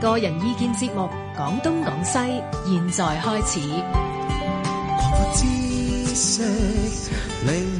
個人意見節目《講東講西》，現在開始。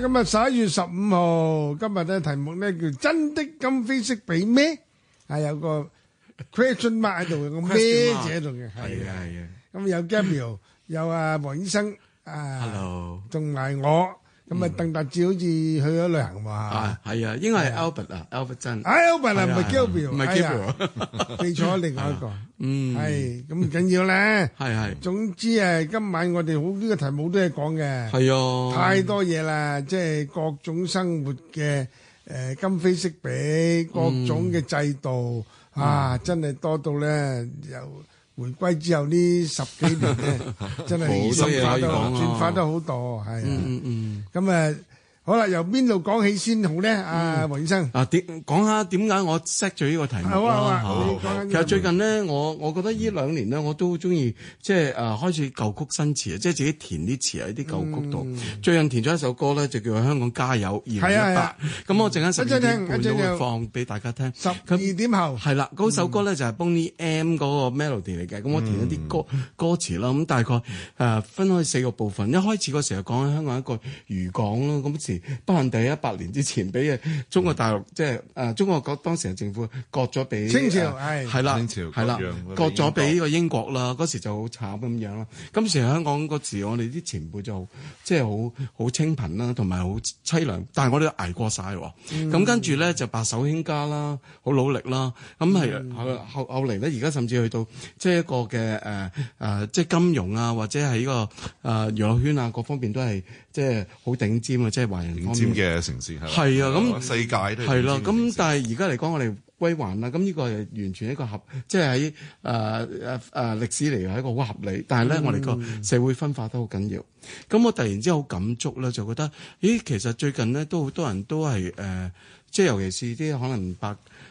咁啊，十一月十五號，今日咧題目咧叫真的今非昔比咩？係有個 question mark 喺度，有個咩字喺度嘅。係啊，係啊，咁有 Gabriel，有啊黃醫生啊，Hello，仲埋我。唔係鄧達志，好似去咗旅行嘛？啊，係啊，應該係 Albert 啊，Albert 真。係 Albert 啊，唔係 Gibb，唔係 Gibb，記錯咗另外一個。嗯，係咁唔緊要咧。係係。總之誒，今晚我哋好呢個題目都係講嘅。係啊，太多嘢啦，即係各種生活嘅誒，今非昔比，各種嘅制度啊，真係多到咧又。回歸之後呢十幾年咧， 真係起身翻得轉翻得好多，係 啊，咁啊、嗯。嗯嗯好啦，由邊度講起先好咧？啊，黃醫生，啊點講下點解我 set 咗呢個題目？好啊，好啊。其實最近咧，我我覺得呢兩年咧，我都好中意即係誒開始舊曲新詞啊，即係自己填啲詞喺啲舊曲度。最近填咗一首歌咧，就叫《香港加油二零一八》。咁我陣間十二點半就會放俾大家聽。十二點後係啦，首歌咧就係 Boney M 個 melody 嚟嘅。咁我填咗啲歌歌詞啦。咁大概誒分開四個部分。一開始嗰時候講緊香港一個漁港咯。咁不幸地一百年之前俾啊中國大陸，即係啊中國國當時嘅政府割咗俾、呃、清朝，係係啦，清朝係啦，割咗俾呢個英國啦。嗰時就好慘咁樣啦。今時香港嗰時，我哋啲前輩就即係好好清貧啦，同埋好凄涼。但係我哋都捱過曬喎。咁、嗯、跟住咧就白手興家啦，好努力啦。咁係後後後嚟咧，而家甚至去到即係、就是、一個嘅誒誒，即、呃、係、就是、金融啊，或者係呢個誒娛樂圈啊，各方面都係即係好頂尖嘅，即係話。頂尖嘅城市係係啊，咁世界都係咯，咁、啊、但係而家嚟講，我哋歸還啦。咁呢個係完全一個合，即係喺誒誒誒歷史嚟，係一個好合理。但係咧，嗯、我哋個社會分化得好緊要。咁我突然之好感觸啦，就覺得，咦，其實最近咧都好多人都係誒。呃即係尤其是啲可能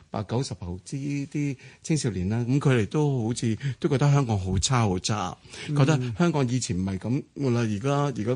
八九十後之啲青少年啦，咁佢哋都好似都覺得香港好差好差，mm. 覺得香港以前唔係咁啦，而家而家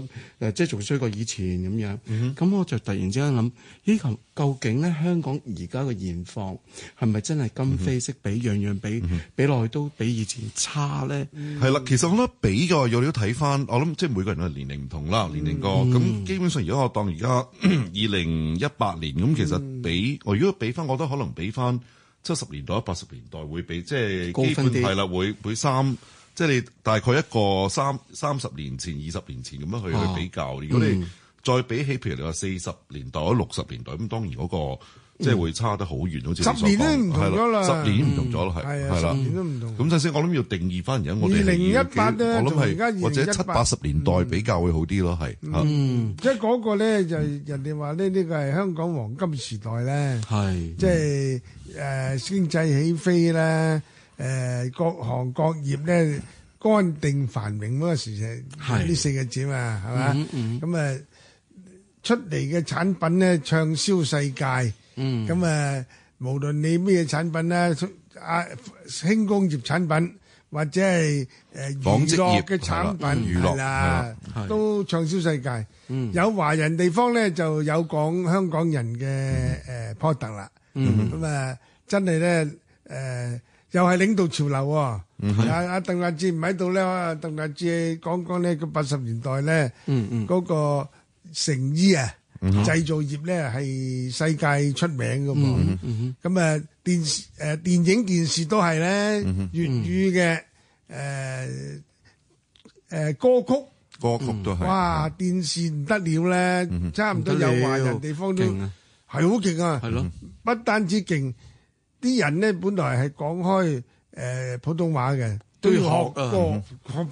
誒即係仲衰過以前咁、mm hmm. 樣。咁我就突然之間諗，咦？究竟咧香港而家嘅現況係咪真係今非昔比，樣樣比比落去都比以前差咧？係啦、mm hmm.，其實我覺得比較有啲都睇翻，我諗即係每個人都係年齡唔同啦，年齡高咁，mm hmm. 基本上如果我當而家二零一八年咁，其實。咳戴 比我如果比翻，我都可能比翻七十年代、八十年代會比，即係基本係啦，會會三，即係你大概一個三三十年前、二十年前咁樣去、啊、去比較。如果你再比起、嗯、譬如你話四十年代、六十年代咁，當然嗰、那個。即係會差得好遠，好似十年都唔同咗啦，十年唔同咗啦，係係啦，十年都唔同。咁首先我諗要定義翻而家我哋零一八咧，我諗係而家或者七八十年代比較會好啲咯，係。嗯，即係嗰個咧就人哋話咧呢個係香港黃金時代咧，係即係誒經濟起飛咧，誒各行各業咧安定繁榮嗰個時勢，呢四個字啊，係嘛？咁誒出嚟嘅產品咧暢銷世界。嗯，咁啊，無論你咩產品咧，阿輕工業產品或者係誒娛樂嘅產品係啦，都暢銷世界。有華人地方咧，就有講香港人嘅誒波特啦。咁啊，真係咧誒，又係領導潮流喎。阿阿鄧達智唔喺度咧，阿鄧達智講講呢，佢八十年代咧，嗰個成衣啊。製、嗯、造業咧係世界出名嘅，咁咁啊，嗯嗯嗯、電視誒、呃，電影、電視都係咧粵語嘅誒誒，歌曲歌曲都係哇，電視唔得了咧，嗯、哼差唔多又話人地方都啊，係好勁啊，係咯，咯不單止勁，啲人咧本來係講開誒、呃，普通話嘅。都要學啊，講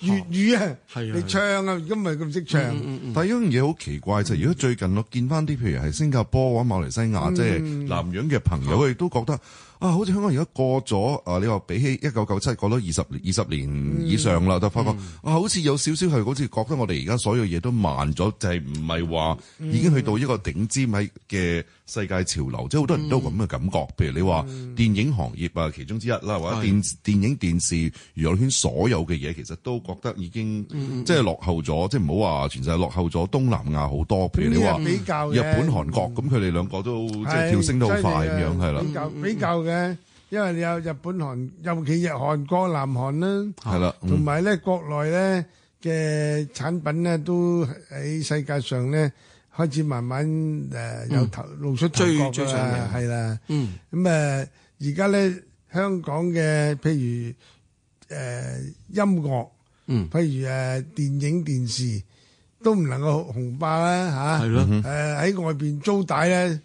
粵語啊，啊你唱啊，而家唔係咁識唱。嗯嗯嗯、但係一樣嘢好奇怪就係、是，如果最近我見翻啲，譬如係新加坡或者馬來西亞，嗯、即係南洋嘅朋友，佢亦、嗯、都覺得啊，好似香港而家過咗啊，你話比起一九九七過咗二十年二十年以上啦，就發覺啊，好似有少少係好似覺得我哋而家所有嘢都慢咗，就係唔係話已經去到一個頂尖位嘅。世界潮流，即係好多人都有咁嘅感覺。譬如你話電影行業啊，其中之一啦，或者電電影、電視娛樂圈所有嘅嘢，其實都覺得已經即係落後咗。即係唔好話全世界落後咗，東南亞好多。譬如你話日本、韓國，咁佢哋兩個都即係跳升得好快咁樣，係啦。比較比較嘅，因為你有日本韓，尤其日韓國、南韓啦，係啦。同埋咧，國內咧嘅產品咧，都喺世界上咧。開始慢慢誒又露出頭角㗎啦，係啦，嗯，咁誒而家咧香港嘅譬如誒音樂，嗯，譬如誒電影電視都唔能夠紅爆啦嚇，係咯，誒喺外邊租帶咧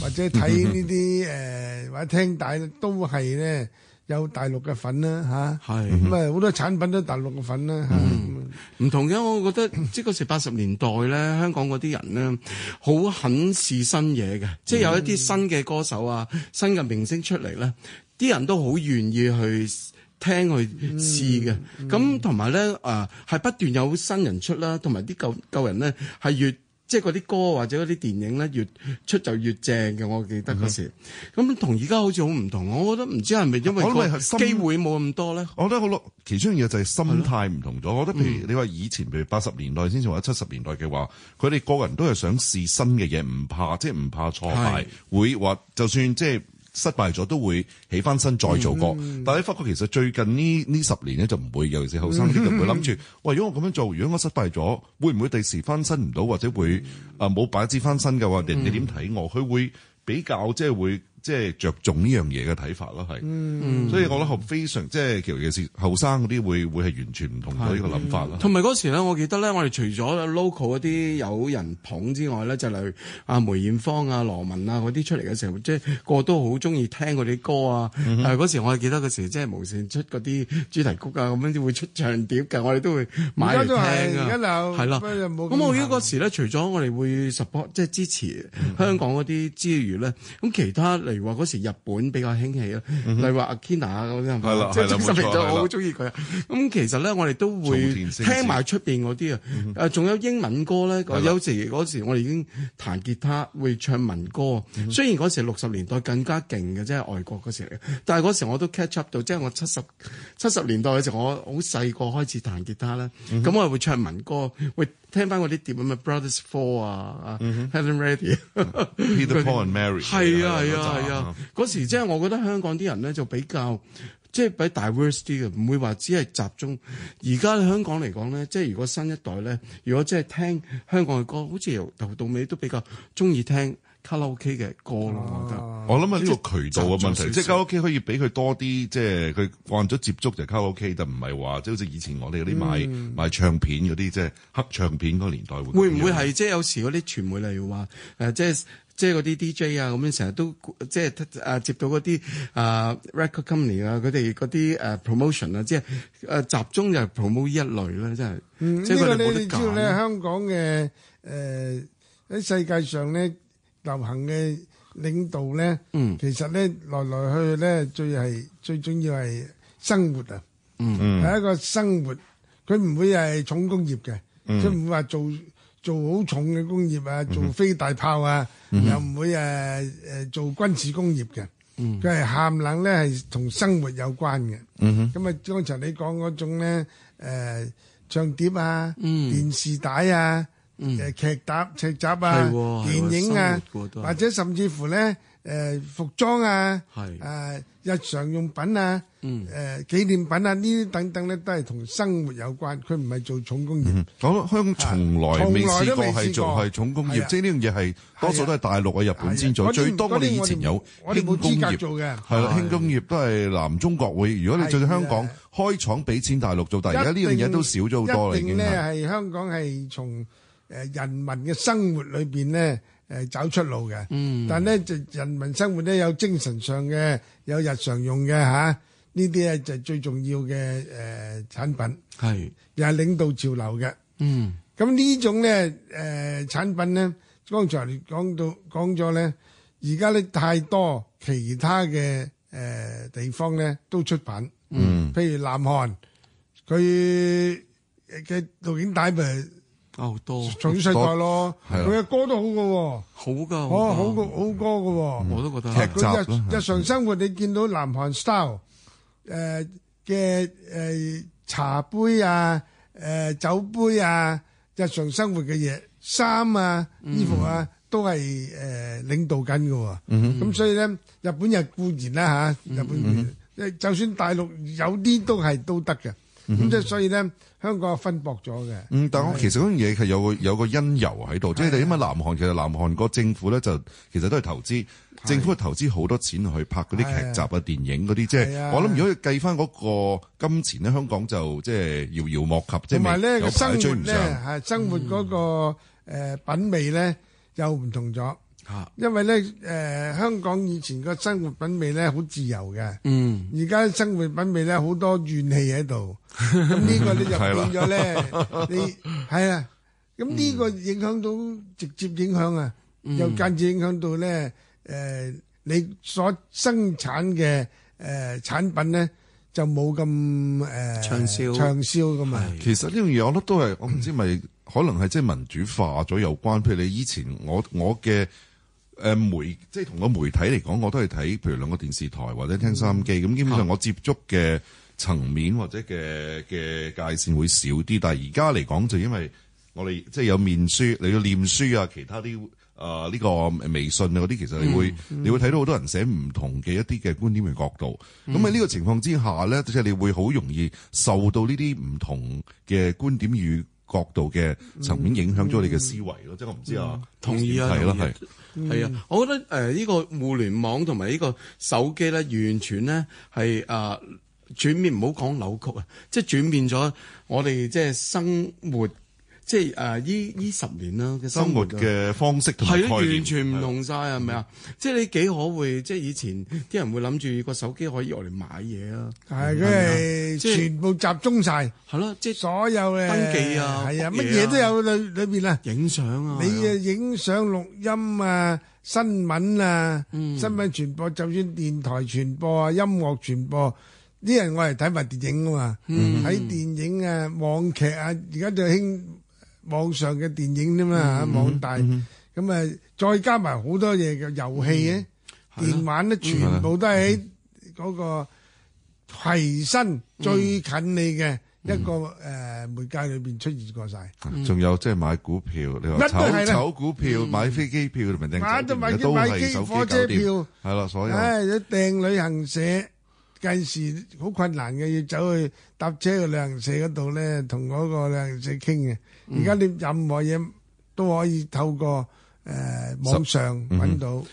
或者睇呢啲誒或者聽帶咧都係咧。有大陸嘅粉啦，吓？係咁啊！好是、嗯、多產品都大陸嘅粉啦，唔、嗯、是同嘅。我覺得即係嗰時八十年代咧，香港嗰啲人咧，好肯試新嘢嘅，即係有一啲新嘅歌手啊、新嘅明星出嚟咧，啲人都好願意去聽去試嘅。咁同埋咧，啊、嗯，係、呃、不斷有新人出啦，同埋啲舊舊人咧係越。即係嗰啲歌或者嗰啲電影咧，越出就越正嘅。我記得嗰時，咁同而家好似好唔同。我覺得唔知係咪因為機會冇咁多咧，我覺得好囉，其中一樣嘢就係心態唔同咗。的我覺得譬如你話以前譬如八十年代先至或者七十年代嘅話，佢哋個人都係想試新嘅嘢，唔怕即係唔怕挫敗，的會話就算即係。失敗咗都會起翻身再做過，mm hmm. 但係你發覺其實最近呢呢十年咧就唔會，尤其是後生啲就唔會諗住，mm hmm. 喂，如果我咁樣做，如果我失敗咗，會唔會第時翻身唔到，或者會啊冇擺姿翻身嘅話，人哋點睇我？佢、mm hmm. 會比較即係、就是、會。即係着重呢樣嘢嘅睇法咯，係，嗯、所以我覺得非常即係尤其是後生嗰啲會會係完全唔同咗的呢個諗法啦。同埋嗰時咧，我記得咧，我哋除咗 local 嗰啲有人捧之外咧，就係、例如阿梅艷芳啊、羅文啊嗰啲出嚟嘅時候，即係個個都好中意聽佢啲歌啊。係嗰、嗯哼啊、時我係記得嗰時真係無線出嗰啲主題曲啊，咁樣會出唱碟嘅，我哋都會買嚟聽啊。係咁的我記得嗰時咧，除咗我哋會 support 即係支持香港嗰啲之餘咧，咁、嗯、其他。例如話嗰時日本比較興起咯，嗯、哼例如話 Akina 嗰啲、嗯哼，即係九十年代錯我好中意佢。咁的其實咧，我哋都會聽埋出邊嗰啲啊。誒，仲有英文歌咧。嗯、哼有時嗰時我哋已經彈吉他會唱民歌。嗯、哼雖然嗰時六十年代更加勁嘅即係，外國嗰時嚟。但係嗰時我都 catch up 到，即、就、係、是、我七十七十年代嘅時候，我好細個開始彈吉他啦。咁、嗯、哼我係會唱民歌，會。聽翻嗰啲碟啊，咪 Brothers Four 啊，Helen Reddy、Peter Paul and Mary，係啊係啊係啊！嗰時即係我覺得香港啲人咧就比較即係、就是、比 diverse 啲嘅，唔會話只係集中。而家香港嚟講咧，即、就、係、是、如果新一代咧，如果即係聽香港嘅歌，好似由頭到尾都比較中意聽。卡拉 OK 嘅歌咯，啊、我覺得。我諗啊，呢個渠道嘅問題，即係卡拉 OK 可以俾佢多啲，即係佢慣咗接觸就卡拉 OK，但唔係話即係好似以前我哋嗰啲賣、嗯、賣唱片嗰啲，即係黑唱片嗰個年代會。會唔會係即係有時嗰啲傳媒，例如話誒，即係即係嗰啲 DJ 啊，咁樣成日都即係誒、啊、接到嗰啲誒 record company 啊，佢哋嗰啲誒 promotion 啊，即係誒集中就 promote 一類咧，真即係。嗯，呢、嗯嗯、個哋你知道咧，香港嘅誒喺世界上咧。流行嘅領導咧，其實咧來來去咧最係最重要係生活啊！嗯嗯，係一個生活，佢唔會係重工業嘅，佢唔會話做做好重嘅工業啊，做飛大炮啊，又唔會誒誒做軍事工業嘅。佢係喊冷咧係同生活有關嘅。嗯哼，咁啊剛才你講嗰種咧誒唱碟啊、電視帶啊。誒，劇集、劇集啊，電影啊，或者甚至乎咧，誒，服裝啊，誒，日常用品啊，誒，紀念品啊，呢啲等等咧，都係同生活有關。佢唔係做重工業。我香港從來未試過係做係重工業，即係呢樣嘢，係多數都係大陸啊、日本先做最多。我哋以前有輕工業做嘅，係輕工業都係南中國會。如果你在香港開廠俾錢大陸做，但係而家呢樣嘢都少咗好多啦，已經係。一定咧，係香港係從。誒人民嘅生活裏邊咧，誒走出路嘅。嗯，但係咧就人民生活咧有精神上嘅，有日常用嘅嚇，呢啲咧就係最重要嘅誒、呃、產品。係又係領導潮流嘅。嗯，咁、嗯、呢種咧誒產品咧，剛才講到講咗咧，而家咧太多其他嘅誒、呃、地方咧都出品。嗯，譬如南韓，佢嘅錄影帶譬加好、哦、多，隨世界咯。佢嘅多歌都好嘅喎，好噶，哦，好嘅好歌嘅喎。我都覺得劇集日,日常生活你見到南韓 style，誒嘅誒茶杯啊、誒、呃、酒杯啊，日常生活嘅嘢，衫啊、衣服啊，嗯、服啊都係誒、呃、領導緊嘅喎。咁、嗯嗯、所以咧，日本人固然啦、啊、嚇，日本，嗯、哼就算大陸有啲都係都得嘅。咁即係所以咧，香港分薄咗嘅。嗯，但係我其實嗰樣嘢係有，有個有個因由喺度，啊、即係因為南韓其實南韓個政府咧就其實都係投資，啊、政府係投資好多錢去拍嗰啲劇集啊、電影嗰啲，即係我諗如果計翻嗰個金錢咧，香港就即係遙遙莫及，即係未有，有追唔上生活。生活嗰個品味咧、嗯、又唔同咗。啊！因為咧，誒、呃，香港以前個生活品味咧，好自由嘅。嗯。而家生活品味咧，好多怨氣喺度。咁呢 個咧就變咗咧， 你係啊。咁呢個影響到，嗯、直接影響啊，嗯、又間接影響到咧。誒、呃，你所生產嘅誒、呃、產品咧，就冇咁誒暢銷，暢銷噶嘛。的其實呢樣嘢，我覺得都係，我唔知咪可能係即係民主化咗有關。譬如你以前，我我嘅。誒、呃、媒即係同個媒體嚟講，我都係睇，譬如兩個電視台或者聽收音機，咁。基本上我接觸嘅層面或者嘅嘅界線會少啲。但係而家嚟講，就因為我哋即係有面書，你要臉書啊，其他啲誒呢個微信啊啲，其實你會、嗯、你會睇到好多人寫唔同嘅一啲嘅觀點嘅角度。咁喺呢個情況之下咧，即係你會好容易受到呢啲唔同嘅觀點與。角度嘅層面影響咗你嘅思維咯，即係、嗯、我唔知啊。同意啊，係咯，係啊，我覺得誒呢、呃呢個互聯網同埋呢個手機咧，完全咧係誒轉變，唔好講扭曲啊，即係轉變咗我哋即係生活。即係誒依依十年啦嘅生活嘅方式同概念完全唔同晒，係咪啊？即係你幾可會即係以前啲人會諗住個手機可以攞嚟買嘢啊？係，佢係全部集中晒，係咯，即係所有嘅登記啊，係啊，乜嘢都有裏裏邊啦。影相啊，你啊影相錄音啊，新聞啊，新聞傳播，就算電台傳播啊，音樂傳播，啲人我係睇埋電影啊嘛，睇電影啊，網劇啊，而家就興。網上嘅電影啫嘛嚇，網大咁，誒，再加埋好多嘢嘅遊戲嘅電玩咧，全部都喺嗰個貼身最近你嘅一個誒媒介裏邊出現過曬。仲有即係買股票，你話炒炒股票、買飛機票，咪正，都係手機、火車票，係咯，所有誒訂旅行社。有時好困難嘅，要走去搭車去旅行社嗰度咧，同嗰個旅行社傾嘅。而家你任何嘢都可以透過誒網上揾到。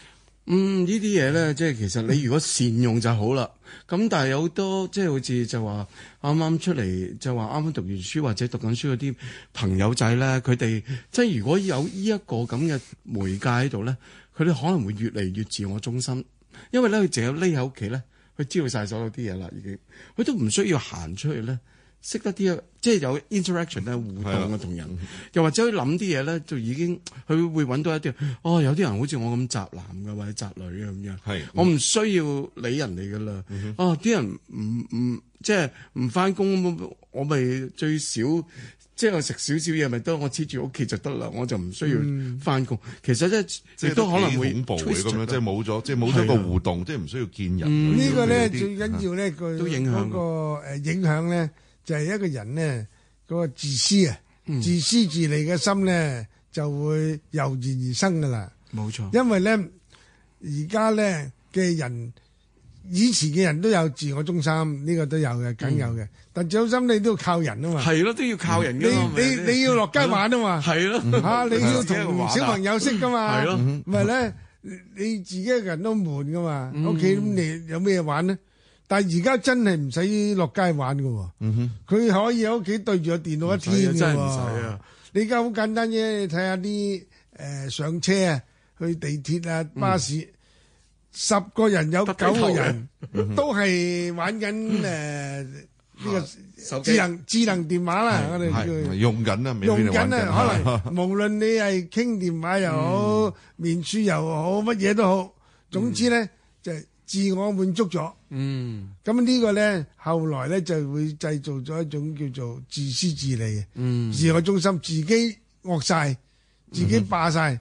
嗯，呢啲嘢咧，即係其實你如果善用就好啦。咁但係有好多即係好似就話啱啱出嚟，就話啱啱讀完書或者讀緊書嗰啲朋友仔咧，佢哋即係如果有呢一個咁嘅媒介喺度咧，佢哋可能會越嚟越自我中心，因為咧佢淨係匿喺屋企咧。佢知道晒所有啲嘢啦，已經佢都唔需要行出去咧，識得啲即係有 interaction 咧，互動啊，嗯、同人又或者佢諗啲嘢咧，就已經佢會揾到一啲哦。有啲人好似我咁宅男嘅或者宅女嘅咁樣，是我唔需要理人哋嘅啦。嗯、哼哦，啲人唔唔即係唔翻工，我咪最少。即係我食少少嘢，咪得我黐住屋企就得啦。我就唔需要翻工。其實即係亦都可能會恐怖嘅咁樣，即係冇咗，即係冇咗個互動，即係唔需要見人。呢個咧最緊要咧佢影嗰個誒影響咧，就係一個人咧嗰個自私啊，自私自利嘅心咧就會油然而生㗎啦。冇錯，因為咧而家咧嘅人。以前嘅人都有自我中心，呢個都有嘅，梗有嘅。但自我中心你都要靠人啊嘛，係咯，都要靠人嘅嘛。你你你要落街玩啊嘛，係咯，嚇你要同小朋友識噶嘛，係咯，唔係咧你自己人都悶噶嘛。屋企咁你有咩玩呢？但係而家真係唔使落街玩嘅喎，佢可以喺屋企對住個電腦一天嘅喎。真唔使啊！你而家好簡單啫，你睇下啲誒上車啊，去地鐵啊，巴士，十個人有九個人都係玩緊誒呢個智能智能電話啦，我哋用緊啊，用緊啊。可能無論你係傾電話又好，面書又好，乜嘢都好。總之咧，就自我滿足咗。嗯，咁呢個咧，後來咧就會製造咗一種叫做自私自利嘅，嗯，自我中心，自己惡晒，自己霸晒。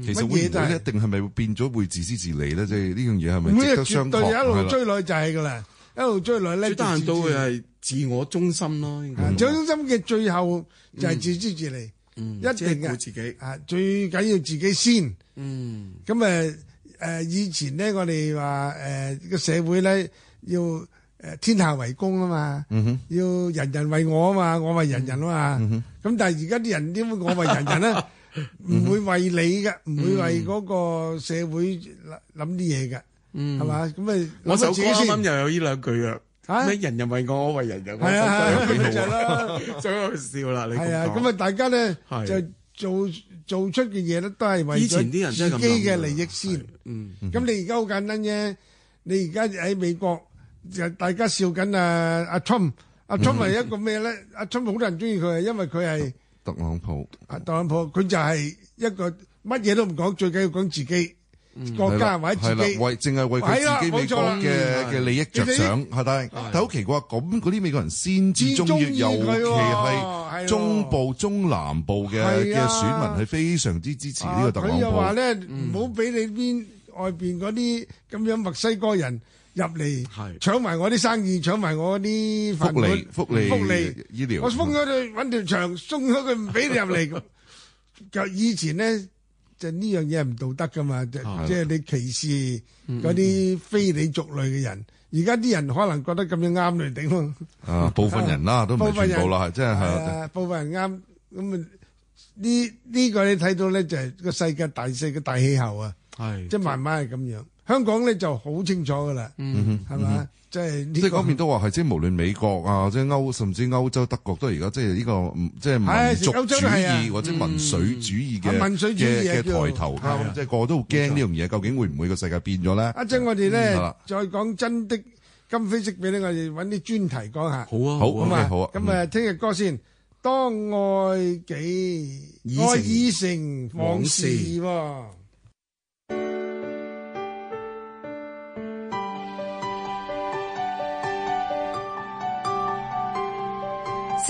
其實會唔會一定係咪變咗會自私自利咧？即係呢樣嘢，係咪？唔會，絕對係一路追女仔噶啦，一路追女咧，都係自我中心咯。自我中心嘅最後就係自私自利，一定顧自己。啊，最緊要自己先。嗯，咁，誒誒，以前呢，我哋話誒個社會咧要誒天下為公啊嘛，要人人為我啊嘛，我為人人啊嘛，咁但係而家啲人點會我為人人咧？唔會為你嘅，唔會為嗰個社會諗諗啲嘢嘅，係嘛？咁啊，我首歌啱啱又有呢兩句啊！啊，人人為我，我為人人，係啊，就喺度笑啦，最好笑啦！係啊，咁啊，大家咧就做做出嘅嘢咧，都係為咗以前啲人自己嘅利益先。嗯，咁你而家好簡單啫，你而家喺美國就大家笑緊啊，阿 Trump，阿 Trump 係一個咩咧？阿 Trump 好多人中意佢啊，因為佢係。特朗普，啊，特朗普，佢就係一個乜嘢都唔講，最緊要講自己，國家或者自己，為淨係為佢自己美國嘅嘅利益着想，係但係但係好奇怪，咁嗰啲美國人先至中意，尤其係中部、中南部嘅嘅選民係非常之支持呢個特朗普。佢又話咧，唔好俾你邊外邊嗰啲咁樣墨西哥人，入嚟是搶埋我啲生意，搶埋我啲福利、福利、福利、醫療。我封咗佢，揾條牆，封咗佢，唔俾你入嚟。就以前咧，就呢樣嘢係唔道德噶嘛，即係即係你歧視嗰啲非你族類嘅人。而家啲人可能覺得咁樣啱你頂咯。啊，部分人啦、啊，都唔係全部啦，係即係係。部分人啱咁、即係、啊？呢呢、呢個你睇到咧，就係、是、個世界大勢嘅大，大氣候啊。係的，即係慢慢係咁樣。香港咧就好清楚噶啦，係嘛？即係呢。即係嗰邊都話係，即係無論美國啊，即係歐，甚至歐洲、德國都而家即係呢個，即係民族主義或者民粹主義嘅嘅抬頭。即係個個都好驚呢樣嘢，究竟會唔會個世界變咗咧？阿姐，我哋咧再講真的今非昔比咧，我哋揾啲專題講下。好啊，好咁啊，好啊。咁啊，聽日歌先，當愛己，愛已成往事。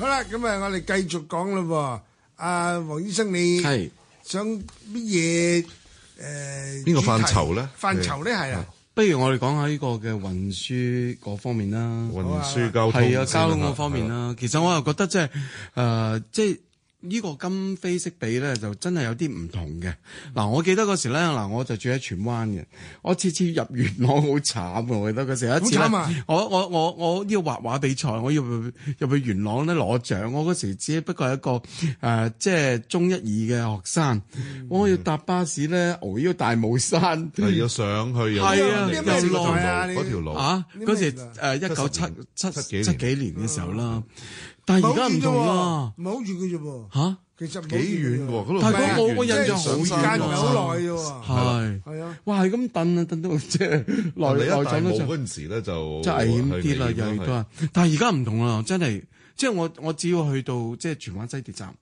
好啦，咁啊，我哋繼續講咯喎。阿黃醫生，你係想乜嘢？誒是，邊、呃、個範疇咧？範疇咧係啊，是是不如我哋講下呢個嘅運輸嗰方面啦，運輸交通係吧啊，交通嗰方面啦。啊、其實我又覺得即係誒即係。呃就是呢個今非昔比咧、嗯，就真係有啲唔同嘅。嗱，我記得嗰時咧，嗱、啊，我就住喺荃灣嘅。我次次入元朗好慘嘅，我記得嗰時一次，我我我我呢個畫畫比賽，我要入去元朗咧攞獎。我嗰時只不過係一個誒、呃，即係中一二嘅學生，嗯、我要搭巴士咧，熬、呃、要、就係、大帽山，係要上去，又啊！嗰、啊、條路啊，嗰時一九七七七幾年嘅時候啦。但係而家唔同啦，唔係好遠嘅啫噃。嚇，其實幾遠喎？但佢冇個印象，上山好耐嘅喎。係，係啊，哇，係咁等啊等到即係耐耐咗冇嗰陣時咧就即係危險啲啦，又人都話。但係而家唔同啦，真係，即係我我只要去到即係荃灣西鐵站，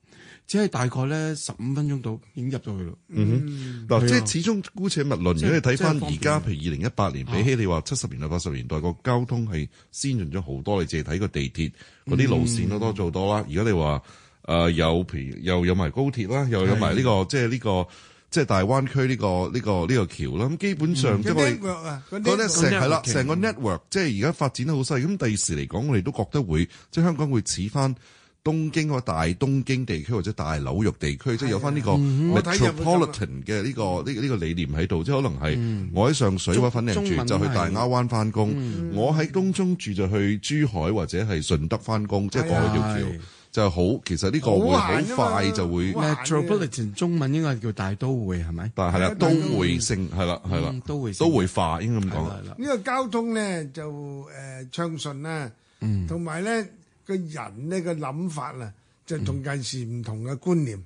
只係大概咧十五分鐘到已經入咗去咯。嗯，嗱，即係始終姑且勿論，如果你睇翻而家，譬如二零一八年比起你話七十年代、八十年代，個交通係先進咗好多。你自己睇個地鐵嗰啲路線都多咗好多啦。而家你話誒有譬如又有埋高鐵啦，又有埋呢個即係呢個即係大灣區呢個呢個呢個橋啦。咁基本上即係嗰啲成係啦，成個 network 即係而家發展得好犀利。咁第時嚟講，我哋都覺得會即係香港會似翻。東京嗰個大東京地區或者大紐約地區，即係有翻呢個 metropolitan 嘅呢個呢個呢個理念喺度，即係可能係我喺上水或者粉嶺住，就去大亞灣翻工；我喺東中住就去珠海或者係順德翻工，即係過去條橋就係好。其實呢個會好快就會 metropolitan 中文應該係叫大都會係咪？但係啦，都會性係啦，係啦，都會都會化應該咁講係啦。呢個交通咧就誒暢順啦，同埋咧。個人呢個諗法啊，就同近時唔同嘅觀念。嗯、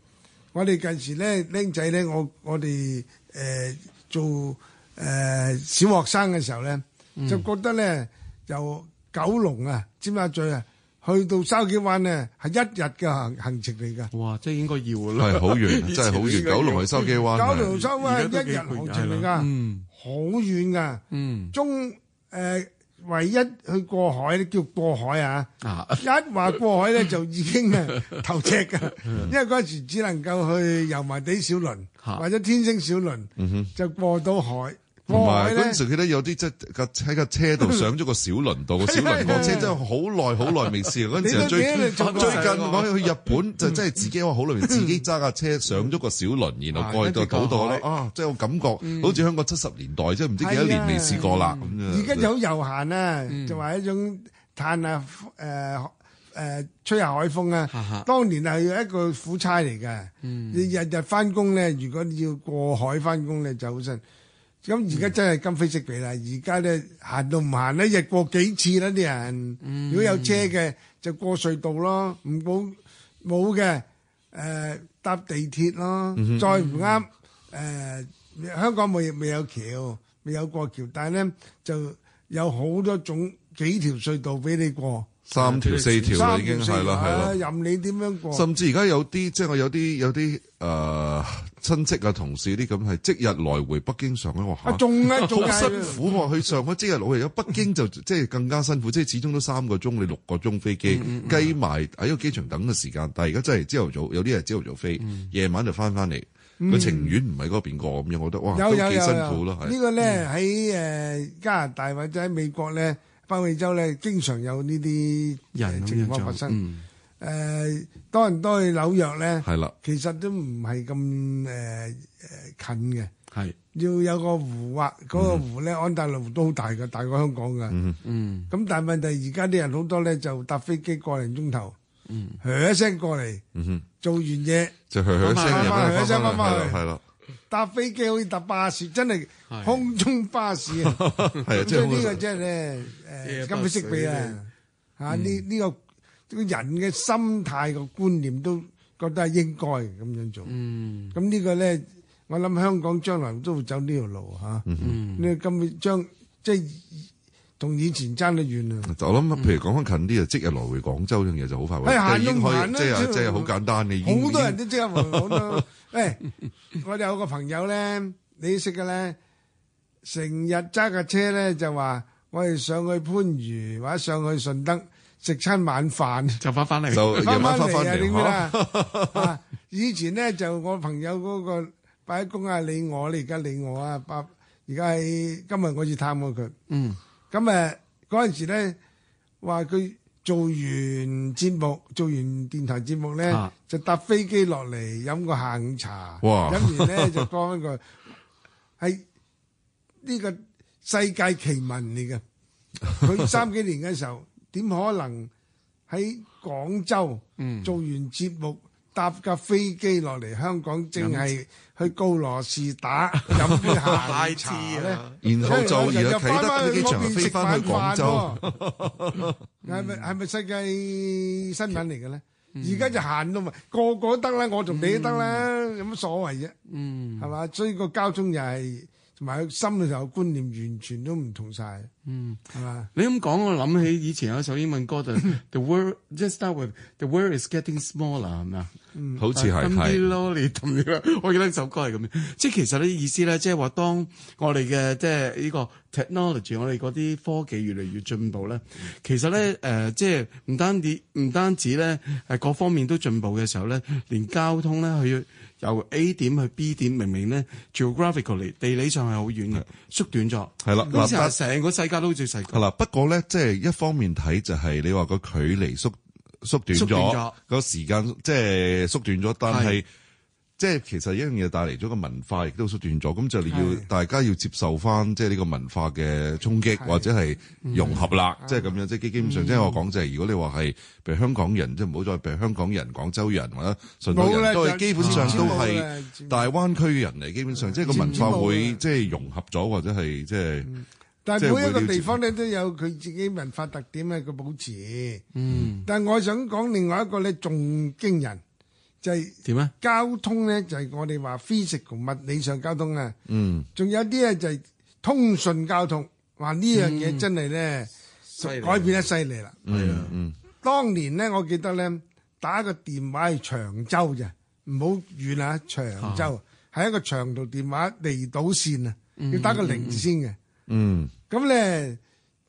我哋近時咧，僆仔咧，我我哋誒、呃、做誒、呃、小學生嘅時候咧，嗯、就覺得咧由九龍啊、尖沙咀啊，去到筲箕灣咧係一日嘅行行程嚟㗎。哇！即係應該要，啦。係好遠，真係好遠。 九龍去筲箕灣，九龍筲箕灣一日行程嚟㗎。嗯，好遠㗎。嗯，中誒。呃唯一去過海咧，叫過海啊！啊一話過海咧就已經啊頭赤㗎， 嗯、因為嗰時只能夠去油麻地小輪、啊、或者天星小輪，嗯、哼就過到海。同埋嗰陣時，記得有啲即係喺架車度上咗個小輪度，個小輪個車真係好耐好耐未試。嗰陣時最最近我去日本就真係自己我好耐未自己揸架車上咗個小輪，然後過去到度。咧啊！即係我感覺好似香港七十年代，即係唔知幾多年未試過啦。咁樣而家就好悠閒啦，就話一種嘆下誒、誒吹下海風啊。當年係一個苦差嚟嘅，你日日返工咧，如果你要過海返工咧，就好順。咁而家真係今非昔比啦！而家咧行到唔行咧，日過幾次啦啲人。如果有車嘅就過隧道咯，唔冇冇嘅誒搭地鐵咯。再唔啱誒，香港未未有橋，未有過橋，但係咧就有好多種幾條隧道俾你過。三條四條啦，已經係啦係啦，任你點樣過。甚至而家有啲即係我有啲有啲誒。親戚啊、同事啲咁係即日來回北京上海，仲仲計好辛苦喎！去上海即日攞去，有北京就即係更加辛苦，即係始終都三個鐘，你六個鐘飛機，計埋喺個機場等嘅時間。但係而家真係朝頭早，有啲係朝頭早飛，夜晚就翻翻嚟。佢情願唔係個邊個咁樣，我覺得哇，有幾辛苦咯。呢個咧喺誒加拿大或者喺美國咧，北美洲咧，經常有呢啲嘅情況發生。誒多人多去紐約咧？係啦，其實都唔係咁誒誒近嘅。係要有個湖或嗰個湖咧，安達路都好大㗎，大過香港㗎。嗯，咁但係問題而家啲人好多咧，就搭飛機個零鐘頭，響一聲過嚟，做完嘢就響一聲翻翻去。係啦，搭飛機可以搭巴士，真係空中巴士啊！咁所以呢個即係咧誒，根本識畀啊嚇呢呢個。人嘅心態個觀念都覺得係應該咁樣做，咁呢個咧，我諗香港將來都會走呢條路嚇。你今將即係同以前差得遠啊！就我諗，譬如講翻近啲啊，即日來回廣州呢樣嘢就好快喎。哎，行咗近啦，即係即係好簡單嘅。好多人都即日來回咯。喂，我哋有個朋友咧，你識嘅咧，成日揸架車咧就話，我哋上去番禺或者上去順德，食餐晚飯就翻翻嚟，翻翻嚟啊！點啊？ 以前咧就我朋友嗰、嗰個擺公啊，理我你而家理我啊，擺而家係今日我要探過佢。嗯，咁誒嗰陣時咧話佢做完節目，做完電台節目咧，啊、就搭飛機落嚟飲個下午茶。哇！飲完咧就當一個係呢 個世界奇聞嚟嘅。佢三幾年嘅時候。點可能喺廣州、嗯、做完節目搭架飛機落嚟香港，淨係去高羅士打飲 杯下午茶咧？然後就飯飯而家啟德機場飛翻去廣州，係咪係咪世界新聞嚟嘅咧？而家、嗯、就行到咪個個都得啦，我同你都得啦，有乜、嗯、所謂啫？嗯，係嘛？所以個交通又係同埋心裏頭嘅觀念完全都唔同曬。嗯，係嘛？你咁講，我諗起以前有一首英文歌就 The world just start with the world is getting smaller，係咪啊？好似係係。我記得首歌係咁樣，即係其實呢啲意思咧，即係話當我哋嘅即係呢個 technology，我哋嗰啲科技越嚟越進步咧，其實咧誒，即係唔單止唔單止咧，係各方面都進步嘅時候咧，連交通咧佢要由 A 點去 B 點，明明咧 geographically 地理上係好遠嘅，縮短咗係啦。咁成成個世。係啦，不過咧，即係一方面睇就係你話個距離縮縮短咗，個時間即係縮短咗，但係即係其實一樣嘢帶嚟咗個文化亦都縮短咗，咁就你要大家要接受翻即係呢個文化嘅衝擊或者係融合啦，即係咁樣，即係基本上，即係我講就係，如果你話係，譬如香港人，即係唔好再譬如香港人、廣州人或者順德人都基本上都係大灣區嘅人嚟，基本上即係個文化會即係融合咗或者係即係。但係每一個地方咧都有佢自己文化特點啊，佢保持。嗯。但係我想講另外一個咧，仲驚人，就係點啊？交通咧就係我哋話 physical 物理上交通啊。嗯。仲有啲咧就係通訊交通，話呢樣嘢真係咧改變得犀利啦。係啊。嗯。當年咧，我記得咧，打個電話去長洲嘅，唔好遠啊，長洲係、啊、一個長途電話離島綫啊，嗯、要打個零先嘅。嗯，咁咧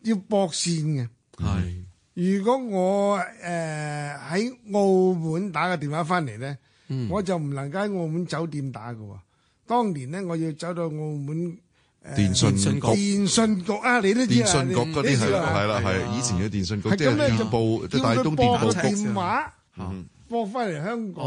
要駁線嘅，係。如果我誒喺澳門打個電話翻嚟咧，我就唔能夠喺澳門酒店打㗎。當年咧，我要走到澳門電信局，電信局啊，你都知啊，電信局嗰啲係啦係啦係。以前嘅電信局即係電報，即係大東電報局。叫佢駁電話，駁翻嚟香港。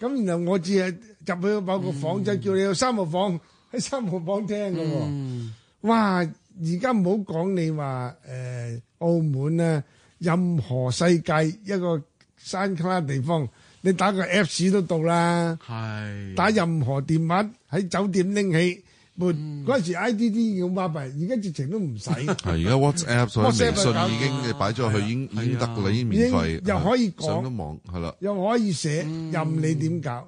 咁然後我只係入去某個房，就叫你去三號房，喺三號房聽㗎。哇！而家唔好講你話誒澳門咧，任何世界一個山旮旯地方，你打個 Apps 都到啦。係打任何電話喺酒店拎起，嗰陣時 IDD 要巴閉，而家直情都唔使。係而家 WhatsApp 所以微信已經擺咗去，已經得你已經免費，又可以講，上咗網啦，又可以寫，任你點搞。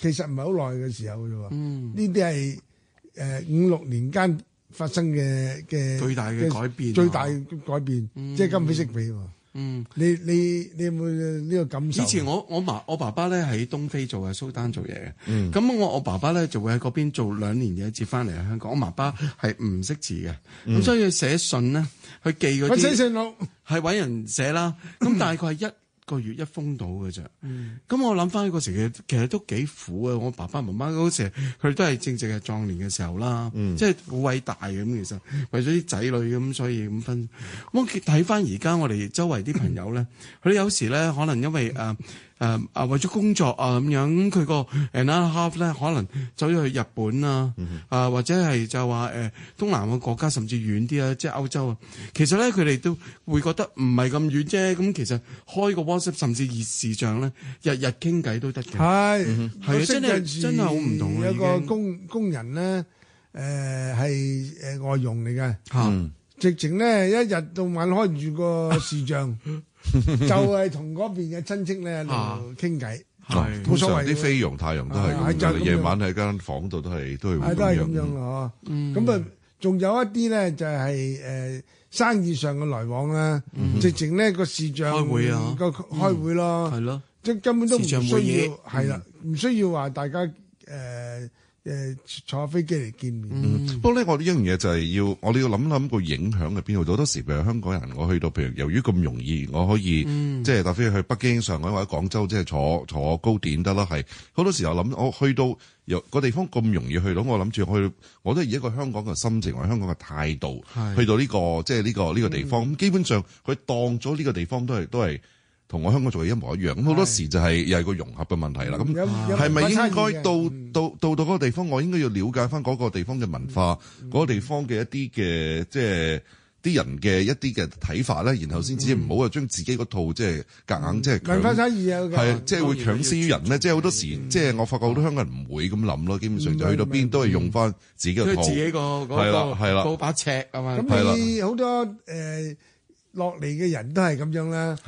其實唔係好耐嘅時候嘅啫喎，呢啲係誒五六年間。發生嘅嘅最大嘅改變，啊、最大改變，即係今非昔比喎。嗯，比比嗯你你你有冇呢個感受？之前我我爸我爸爸咧喺東非做嘅蘇丹做嘢嘅，咁、嗯、我我爸爸咧就會喺嗰邊做兩年嘢，接翻嚟喺香港。我爸爸係唔識字嘅，咁、嗯、所以要寫信咧去寄嗰啲。寫信佬係揾人寫啦，咁大概係一 個月一封到嘅啫，咁我諗翻起嗰時嘅，其實都幾苦啊！我爸爸媽媽嗰時，佢都係正值嘅壯年嘅時候啦，即係好偉大咁。其實為咗啲仔女咁，所以咁分。我睇翻而家我哋周圍啲朋友咧，佢哋 有時咧可能因為誒。嗯呃誒誒、啊，為咗工作啊咁樣，佢個 another half 咧，可能走咗去日本啊，嗯、哼啊或者係就話誒、呃、東南嘅國家，甚至遠啲啊，即係歐洲啊。其實咧，佢哋都會覺得唔係咁遠啫。咁、啊、其實開個 WhatsApp，甚至熱視像咧，日日傾偈都得嘅。係是，係、嗯、哼真係真係好唔同啊！已有個工工人咧，誒係誒外傭嚟嘅嚇，嗯、直情咧一日到晚開住個視像。呃就係同嗰邊嘅親戚咧喺度傾偈，係冇所謂。啲菲傭泰傭都係，夜晚喺間房度都係都係咁樣。咁啊，仲有一啲咧就係誒生意上嘅來往啦，直情咧個市長開會啊，個開會咯，係咯，即係根本都唔需要，係啦，唔需要話大家誒。誒坐飛機嚟見面，嗯嗯、不過咧，我呢一樣嘢就係要我哋要諗諗個影響係邊度。好多時譬如香港人，我去到譬如由於咁容易，我可以、嗯、即係搭飛去北京、上海或者廣州，即係坐坐高點得啦。係好多時候諗我去到，我去到由、個地方咁容易去到，我諗住去，我都係以一個香港嘅心情或者香港嘅態度是去到呢、呢個即係呢、呢個呢、呢個呢個地方咁。嗯、基本上佢當咗呢個地方都係都係。都同我香港做嘢一模一樣，咁好多時就係又係個融合嘅問題啦。咁係咪應該到到到到嗰個地方，我應該要了解翻嗰個地方嘅文化，嗰個地方嘅一啲嘅即係啲人嘅一啲嘅睇法咧，然後先至唔好話將自己嗰套即係夾硬即係強翻即係會強施於人咧，即係好多時即係我發覺好多香港人唔會咁諗咯。基本上就去到邊都係用翻自己個套，自己個套，係啦係啦，嗰把尺啊嘛。咁你好多誒落嚟嘅人都係咁樣啦。